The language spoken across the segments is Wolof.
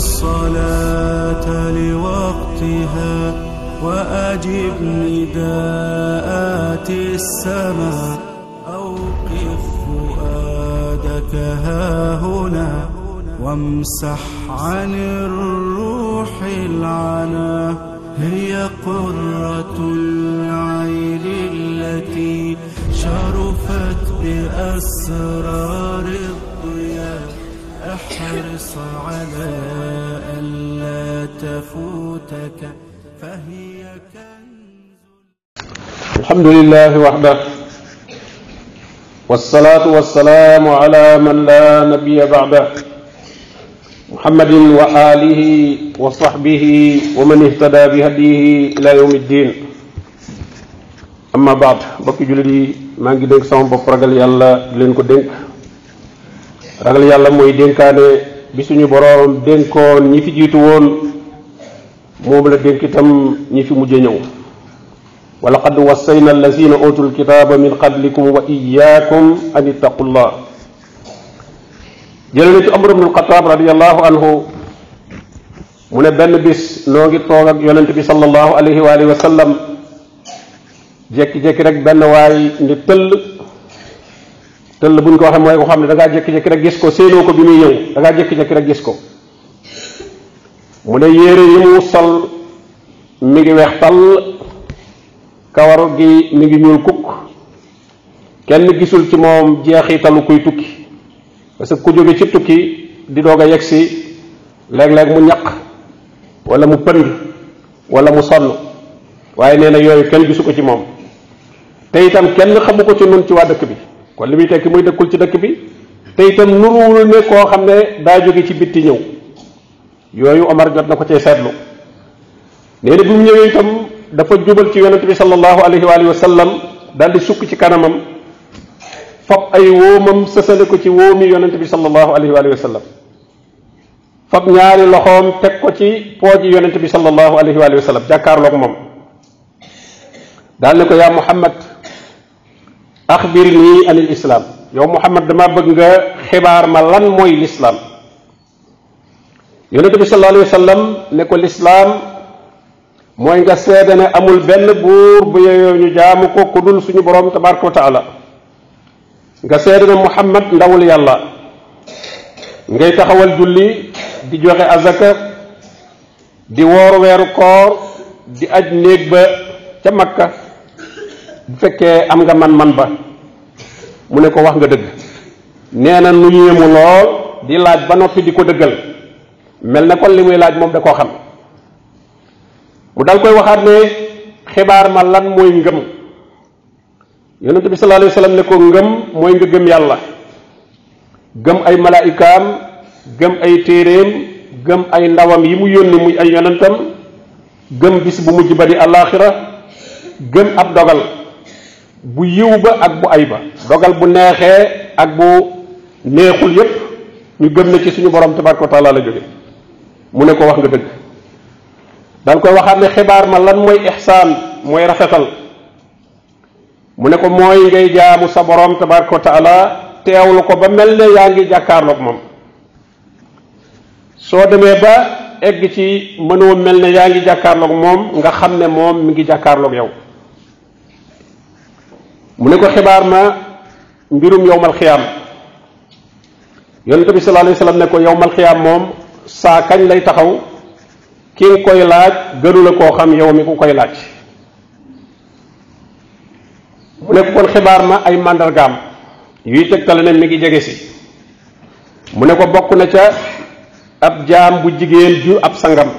الصلاة لوقتها وأجب نداءات السماء أوقف فؤادك هاهنا وامسح عن الروح العنا هي قرة العين التي شرفت بأسرار فاحرص على ألا تفوتك فهي كنز الحمد لله وحده والصلاة والسلام على من لا نبي بعده محمد وآله وصحبه ومن اهتدى بهديه إلى يوم الدين أما بعد بكي جلدي ما ngi dénk sama bopp ragal yàlla di leen ko dénk ragal yàlla mooy dénkaane bi suñu boroom dénkoon ñi fi jiitu woon moom la dénk itam ñi fi mujj ñëw wa laqad wassayna allazina utul kitaaba min qablikum wa iyaakum an ittaqullah jële al-Xattaab radiallahu anhu mu ne benn bis noo ngi toog ak yonent bi sallallahu wa waay ni tëll tëll buñ ko waxee mooy ko xam ne da ngaa jékki-jékki rek gis ko séenoo ko bi muy ñëw da ngaa jékki-jékki rek gis ko mu ne yére yi mu sol mi ngi weex tàll kawar gi mi ngi ñuul kukk kenn gisul ci moom jeexitalu kuy tukki parce que ku jóge ci tukki di doog a yegg si léeg-léeg mu ñaq wala mu pënd wala mu sonn waaye nee na yooyu kenn gisu ko ci moom te itam kenn xamu ko ci nun ci waa dëkk bi kon li muy tekki muy dëkkul ci dëkk bi te itam nuruwul ne koo xam ne daa jóge ci bitti ñëw yooyu Omar jot na ko cee seetlu nee na bi mu ñëwee itam dafa jubal ci yonent bi sallallahu alayhi wa alihi wa sallam daal di sukk ci kanamam fab ay wóomam sësale ko ci wóomi yonent bi sallallahu alayhi wa alihi wa sallam fab ñaari loxoom teg ko ci pooji yonent bi sallallahu alayhi wa alihi wa sallam jàkkaarloog moom daal ne ko yaa Muhammad axbir nii anil islaam yow muhammad dama bëgg nga xibaar ma lan mooy lislaam yonente bi sallallahu ne ko lislaam mooy nga seede ne amul benn buur bu yeyoo ñu jaamu ko ku suñu boroom tabaraka wa taala nga seede ne muhammad ndawul yàlla ngay taxawal julli di joxe azaka di woor weeru koor di aj néeg ba ca makka bu fekkee am nga man-man ba mu ne ko wax nga dëgg nee na nu yéemu lool di laaj ba noppi di ko dëggal mel na kon li muy laaj moom da koo xam mu dal koy waxaat ne xibaar ma lan mooy ngëm yonent bi sallallahu alayhi wasallam ne ko ngëm mooy nga gëm yàlla gëm ay malaayikaam gëm ay téeréem gëm ay ndawam yi mu yónni muy ay yonentam gëm bis bu mujj ba di àllaaxira gëm ab dogal bu yiw ba ak bu ay ba dogal bu neexee ak bu neexul yépp ñu gëm ne ci suñu borom tabaraka wa taala la jóge mu ne ko wax nga dëgg daan koy waxaat ne xibaar ma lan mooy ixsaan mooy rafetal mu ne ko mooy ngay jaamu sa borom tabaraka wa taala teewlu ko ba mel ne yaa ngi jàkkaarloog moom soo demee ba egg ci mënoo mel ne yaa ngi jàkkaarloog moom nga xam ne moom mi ngi jàkkaarloog yow mu ne ko xibaar ma mbirum yowmal xiyaam yonente bi sallallahu alayhi wasallam ne ko yowmal moom saa kañ lay taxaw ki nga koy laaj gënu koo xam yow mi ku koy laaj mu ne ko kon xibaar ma ay màndargaam yuy tegtale ne mi ngi jege si mu ne ko bokk na ca ab jaam bu jigéen ju ab sangam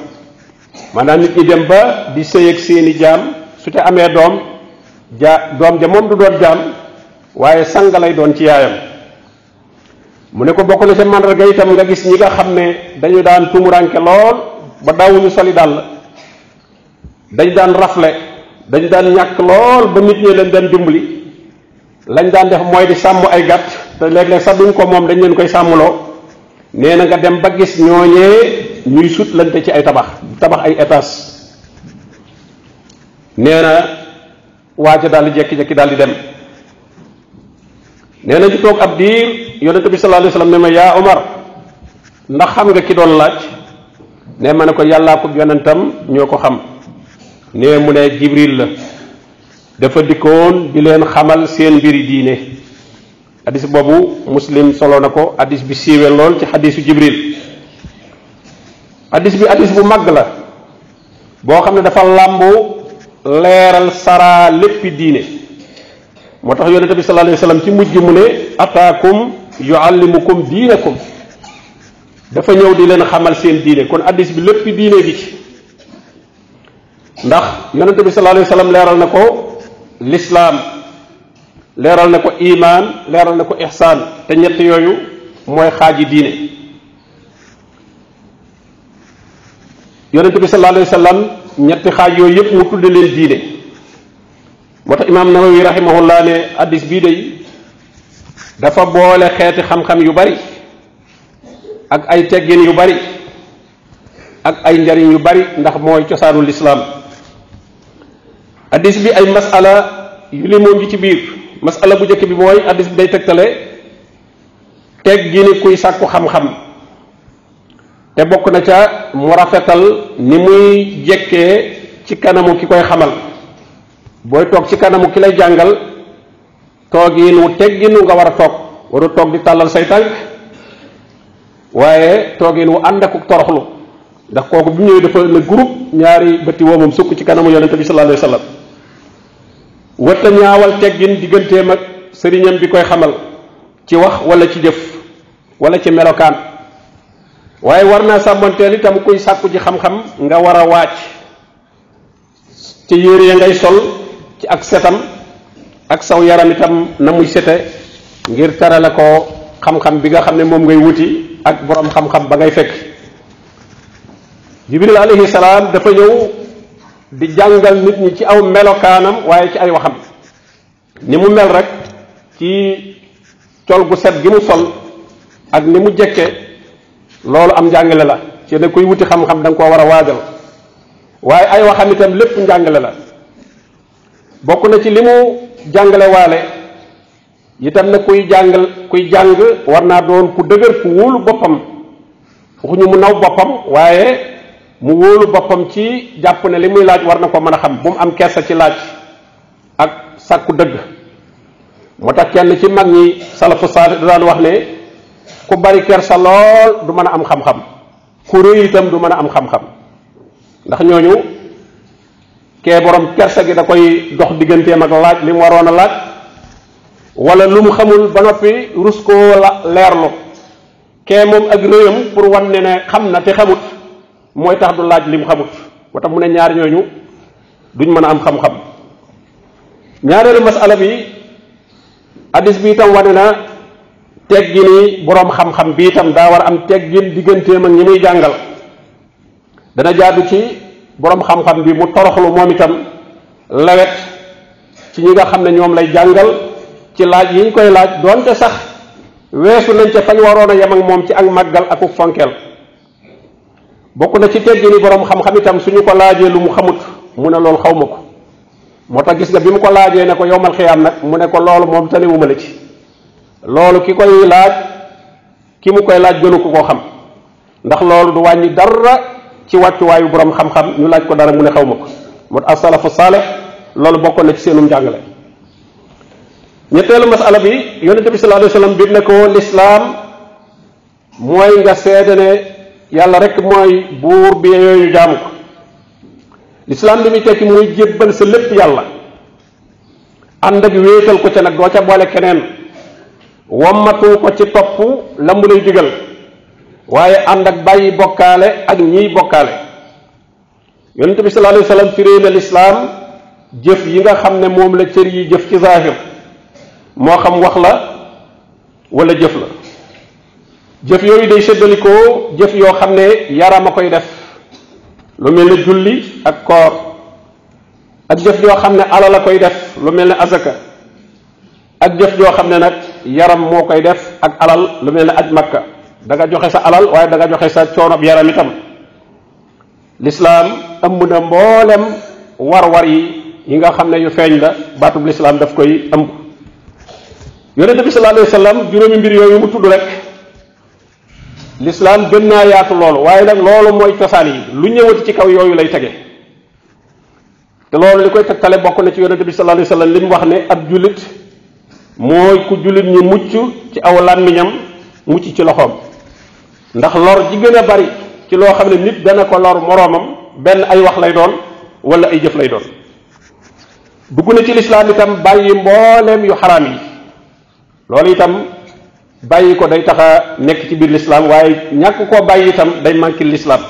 maanaam nit ñi dem ba di sëy ak seeni jaam su te amee doom ja doom ja moom du doon jaam waaye sang lay doon ci yaayam mu ne ko bokk na ca màndarga itam nga gis ñi nga xam ne dañu daan tumuranke lool ba daawuñu soli dàll dañu daan rafle dañu daan ñàkk lool ba nit ñi leen daan dimbali lañ daan def mooy di sàmm ay gàtt te léeg-léeg sax duñ ko moom dañ leen koy sàmmloo nee na nga dem ba gis ñooñee ñuy te ci ay tabax tabax ay étage nee na waaja daal di jekki-jekki daal di dem nee na toog ab diir yonente bi sallallahu alayhi wasallam ne ma yaa Omar ndax xam nga ki doon laaj ne ma ne ko yàllaa ko yonentam ñoo ko xam ne mu ne Jibril la dafa dikkoon di leen xamal seen mbiri diine hadis boobu muslim solo na ko hadis bi siiwe lool ci hadisu Jibril hadis bi hadis bu mag la boo xam ne dafa làmbu leeral saraa lépp diine moo tax yonente bi sallallahu alayhi wa sallam ci mujj mu ne ataakum yuallimukum diinakum dafa ñëw di leen xamal seen diine kon addis bi lépp diine gi ci ndax yonente bi sallallahu alayhi wa na ko lislaam leeral na ko iimaan leeral na ko ihsaan te ñett yooyu mooy xaaji diine yonente bi sallallahu alayhi wa sallam ñetti xaaj yooyu yëpp mu tudde leen diine moo tax imaam nawawi rahimahullah ne addis bii day dafa boole xeeti xam-xam yu bari ak ay teggin yu bari ak ay njariñ yu bari ndax mooy cosaanu lislaam addis bi ay masala yu li ji ci biir masala bu njëkk bi mooy addis bi day tegtale teggini kuy sàkku xam-xam te bokk na ca mu rafetal ni muy jekke ci kanamu ki koy xamal booy toog ci kanamu ki lay jàngal toogiin wu tegginu nga war a toog waru toog di tàllal say tànk waaye toogiin wu ànd ak toroxlu ndax kooku bi mu ñëwee dafa ne groupe ñaari bëti woomam sukk ci kanamu yonente bi sallallahu alayhi wasallam wata ñaawal teggin digganteem ak sëriñam bi koy xamal ci wax wala ci jëf wala ci melokaan waaye war naa sàmmanteel itam kuy sàkku ji xam-xam nga war a wàcc ci yére ya ngay sol ci ak setam ak saw yaram itam na muy sete ngir terale ko xam-xam bi nga xam ne moom ngay wuti ak boroom xam-xam ba ngay fekk jibril alayhi salaam dafa ñëw di jàngal nit ñi ci aw melokaanam waaye ci ay waxam ni mu mel rek ci col gu set gi mu sol ak ni mu jekke loolu am njàngale la ci ne kuy wuti xam-xam da nga koo war a waajal waaye ay waxam itam lépp njàngale la bokk na ci li mu jàngale waale itam na kuy jàngal kuy jàng war naa doon ku dëgër ku wóolu boppam waxuñu mu naw boppam waaye mu wóolu boppam ci jàpp ne li muy laaj war na ko mën a xam bu mu am kersa ci laaj ak sàkku dëgg moo tax kenn ci mag ñi salafu saalih daan wax ne ku bari kersa lool du mën a am xam-xam ku rëy itam du mën a am xam-xam ndax ñooñu kee boroom kersa gi da koy dox digganteem ak laaj li mu waroon a laaj wala lu mu xamul ba noppi rus koo la leerlu kee moom ak rëyam pour wan ne ne xam na te xamut mooy tax du laaj li mu xamut moo mu ne ñaar ñooñu duñ mën a am xam-xam ñaareelu masala bi hadis bi itam wane na teggini boroom xam-xam bi itam daa war a am teggin digganteem ak ñi muy jàngal dana jaadu ci boroom xam-xam bi mu toroxlu moom itam lawet ci ñi nga xam ne ñoom lay jàngal ci laaj yi ñu koy laaj doonte sax weesu nañ ca fañ waroon a yem ak moom ci ak màggal ak fonkeel bokk na ci teggini boroom xam-xam itam suñu ko laajee lu mu xamut mu ne loolu xaw ma ko moo tax gis nga bi mu ko laajee ne ko yowmal xiyaam nag mu ne ko loolu moom tanewuma la ci loolu ki koy laaj ki mu koy laaj gënu ko koo xam ndax loolu du wàññi dara ci wàccuwaayu borom xam-xam ñu laaj ko dara mu ne xaw ma ko moo asalafu saaleh loolu bokk na ci seenum jàngale ñetteelu masala bi yonente bi sallallahu alayhi wasallam biir ne ko lislaam mooy nga yàlla rek mooy buur bi yooyu jaamu ko lislaam li muy sa lépp yàlla ànd bi wéetal ko ca nag doo ca boole keneen wommatu ko ci topp la mu lay digal waaye ànd ak bàyyi bokkaale ak ñiy bokkaale yonent bi sallallahu alayhi wa lislaam jëf yi nga xam ne moom la cër yi jëf ci moo xam wax la wala jëf la jëf yooyu day séddalikoo jëf yoo xam ne yaram a koy def lu mel ne julli ak ak jëf yoo xam ne alal a koy def lu mel ne azaka ak jëf yoo xam ne nag yaram moo koy def ak alal lu mel ne aj makka danga nga joxe sa alal waaye da nga joxe sa coonob yaram itam lislaam ëmb na mboolem war-war yi yi nga xam ne yu feeñ la baatub lislaam daf koy ëmb yonente bi sallallahu alayhi wa sallam juróomi mbir yooyu mu tudd rek lislaam gën naa yaatu loolu waaye nag loolu mooy cosaan yi lu ñëwati ci kaw yooyu lay tege te loolu li koy tegtale bokk na ci yonente bi sallallahu alayhi wa sallam li wax ne ab jullit mooy ku jullit ñi mucc ci aw làmmiñam mucc ci loxoom ndax lor ji gën a bari ci loo xam ne nit dana ko lor moroomam benn ay wax lay doon wala ay jëf lay doon dugg na ci lislaam itam bàyyi mbooleem yu xaraam yi loolu itam bàyyi ko day taxa nekk ci biir lislaam waaye ñàkk koo bàyyi itam day manqué lislaam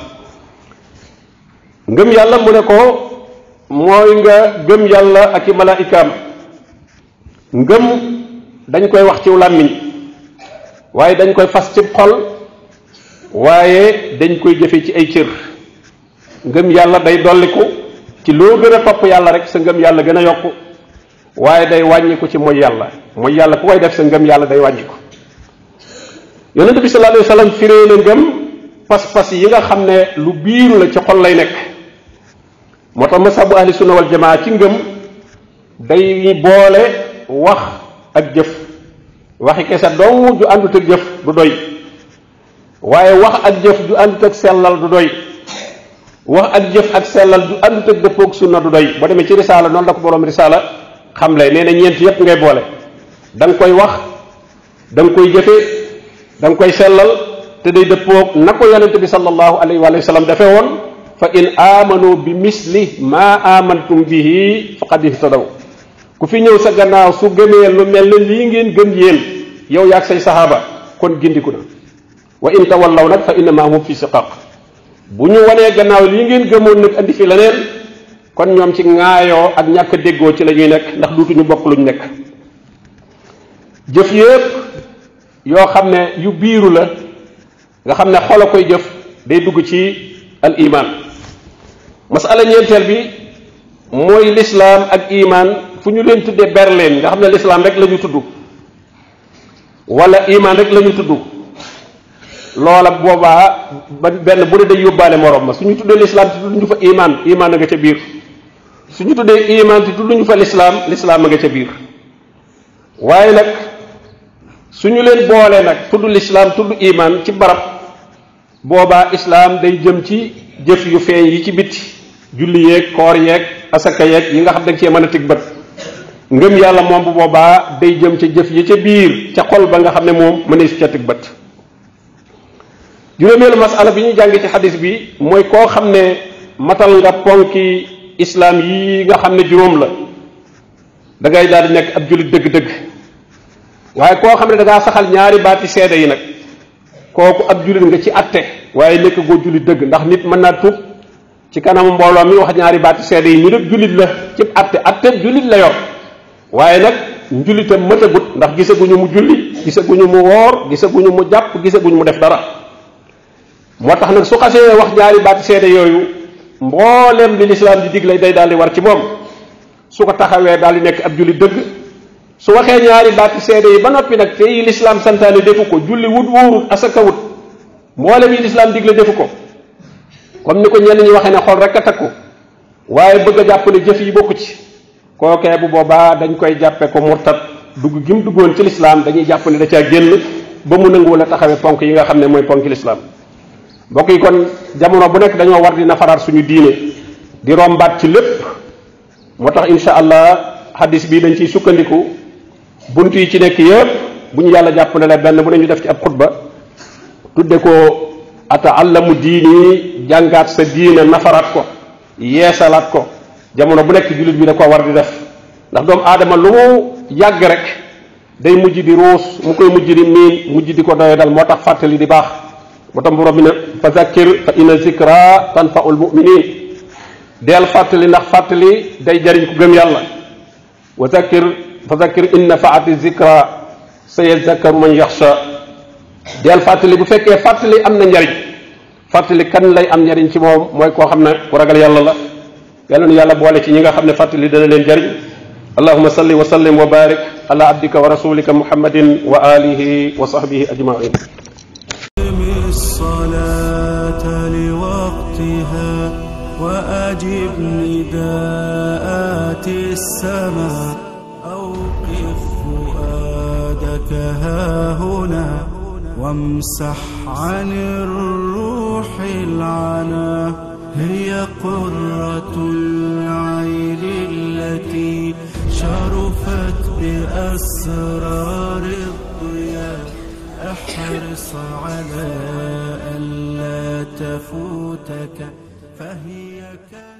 ngëm yàlla mu ne ko mooy nga gëm yàlla ak i malaikaam ngëm dañ koy wax ciw làmmiñ waaye dañ koy fas ci xol waaye dañ koy jëfe ci ay cër ngëm yàlla day dolliku ci loo gën a topp yàlla rek sa ngëm yàlla gën a yokk waaye day wàññiku ci mooy yàlla mooy yàlla ku koy def sa ngëm yàlla day wàññiku yonent bi sallallahu alayhi wasallam firee na ngëm pas-pas yi nga xam ne lu biiru la ci xol lay nekk moo tax masabu ahli sunna jamaa ci ngëm day boole wax ak jëf waxi kese dong ju àndut ak jëf du doy waaye wax ak jëf ju àndut ak sellal du doy wax ak jëf ak sellal ju àndut ak dëppoog sunna du doy boo demee ci risaala noonu la ko boroom risaala xamle nee na ñeent yépp ngay boole da koy wax da koy jëfe da koy sellal te day dëppoog na ko yonente bi sallallahu alayhi wa sallam defee woon fa in amanu bi misli ma amantum bihi faqad ihtadaw ku fi ñëw sa gannaaw su gëmee lu mel na lii ngeen gën yéen yow yaag say saxaaba kon gindiku na wa in tawallaw nag fa innama fii fi siqaq bu ñu wanee gannaaw lii ngeen gëmoon nag andi fi leneen kon ñoom ci ŋaayoo ak ñàkk déggoo ci lañuy nekk ndax duutuñu bokk luñ nekk jëf yépp yoo xam ne yu biiru la nga xam ne xol a koy jëf day dugg ci al iman masala ñeenteel bi mooy lislaam ak imaan fu ñu leen tuddee Berlin nga xam ne l'islam rek la ñu tudd wala imaan rek la ñu tudd loola boobaa ba benn bu ne day yóbbaale moroom ma suñu tuddee l'islam te tudduñu fa iman iman biir suñu tuddee iman te fa l'islam lislaam a nga ca biir waaye nag suñu leen boolee nag tudd l'islam tudd iman ci barab boobaa islam day jëm ci jëf yu feeñ yi ci biti julli yeeg koor yeeg asaka yeeg yi nga xam da nga cee mën a tig ngëm yàlla moom bu boobaa day jëm ca jëf yi ca biir ca xol ba nga xam ne moom mënee su ca teg bët juróomeelu masala bi ñuy jàng ci xadis bi mooy koo xam ne matal nga ponki islaam yi nga xam ne juróom la dangay ngay nekk ab jullit dëgg-dëgg waaye koo xam ne da saxal ñaari baati seede yi nag kooku ab jullit nga ci atte waaye nekk goo jullit dëgg ndax nit mën naa tuub ci kanam mbooloo mi wax ñaari baati seede yi ñu def jullit la ci atte atte la yor waaye nag njulitam matagut ndax gisaguñu mu julli gisaguñu mu woor gisaguñu mu jàpp gisaguñu mu def dara moo tax nag su xasee wax ñaari baati seede yooyu mboolem li lislaam di digle day daal di war ci moom su ko taxawee daal di nekk ab julli dëgg su waxee ñaari baati seede yi ba noppi nag te yi lislaam santaane defu ko julli wut wóorut asaka wut mboolem yi lislaam digle defu ko kon ni ko ñenn ñi waxee ne xol rek a takku waaye bëgg a jàpp ne jëf yi bokku ci kookee bu boobaa dañ koy jàppe ko murtat dugg gi mu duggoon ci lislaam dañuy jàpp ne da caa génn ba mu nanguwul a taxawee ponk yi nga xam ne mooy ponk lislaam mbokk yi kon jamono bu nekk dañoo war di nafaraat suñu diine di rombaat ci lépp moo tax insha allah hadis bii dañ ciy sukkandiku bunt yi ci nekk yëpp bu ñu yàlla jàpp ne la benn bu ne ñu def ci ab xutba tudde ko ataallamu diini jàngaat sa diine nafaraat ko yeesalaat ko jamono bu nekk jullit bi da ko war di def ndax doomu aadama lu mu yàgg rek day mujj di ruus mu koy mujj di miin mujj di ko doye dal moo tax fàttali di baax ba tam borom bi ne fa zakkir fa inna zikra tanfaul muminin deel fàttali ndax fàttali day jariñ ku gëm yàlla wa zakkir fa zakkir in nafaati zikra sa yazakkaru man yaxsha deel fàttali bu fekkee fàttali am na njariñ fàttali kan lay am njariñ ci moom mooy koo xam ne ku ragal yàlla la yàlla nu yàlla boole ci ñi nga xam ne fàttali dana leen jëriñ allahuma salli wa sallim wa barik ala abdika wa rasulika muhammadin wa alihi wa sahbihi ajmain الصلاة لوقتها وأجب نداءات السماء أوقف فؤادك هاهنا وامسح عن الروح العنا هي قرة العين التي شرفت بأسرار الضياء احرص على ألا تفوتك فهي كافية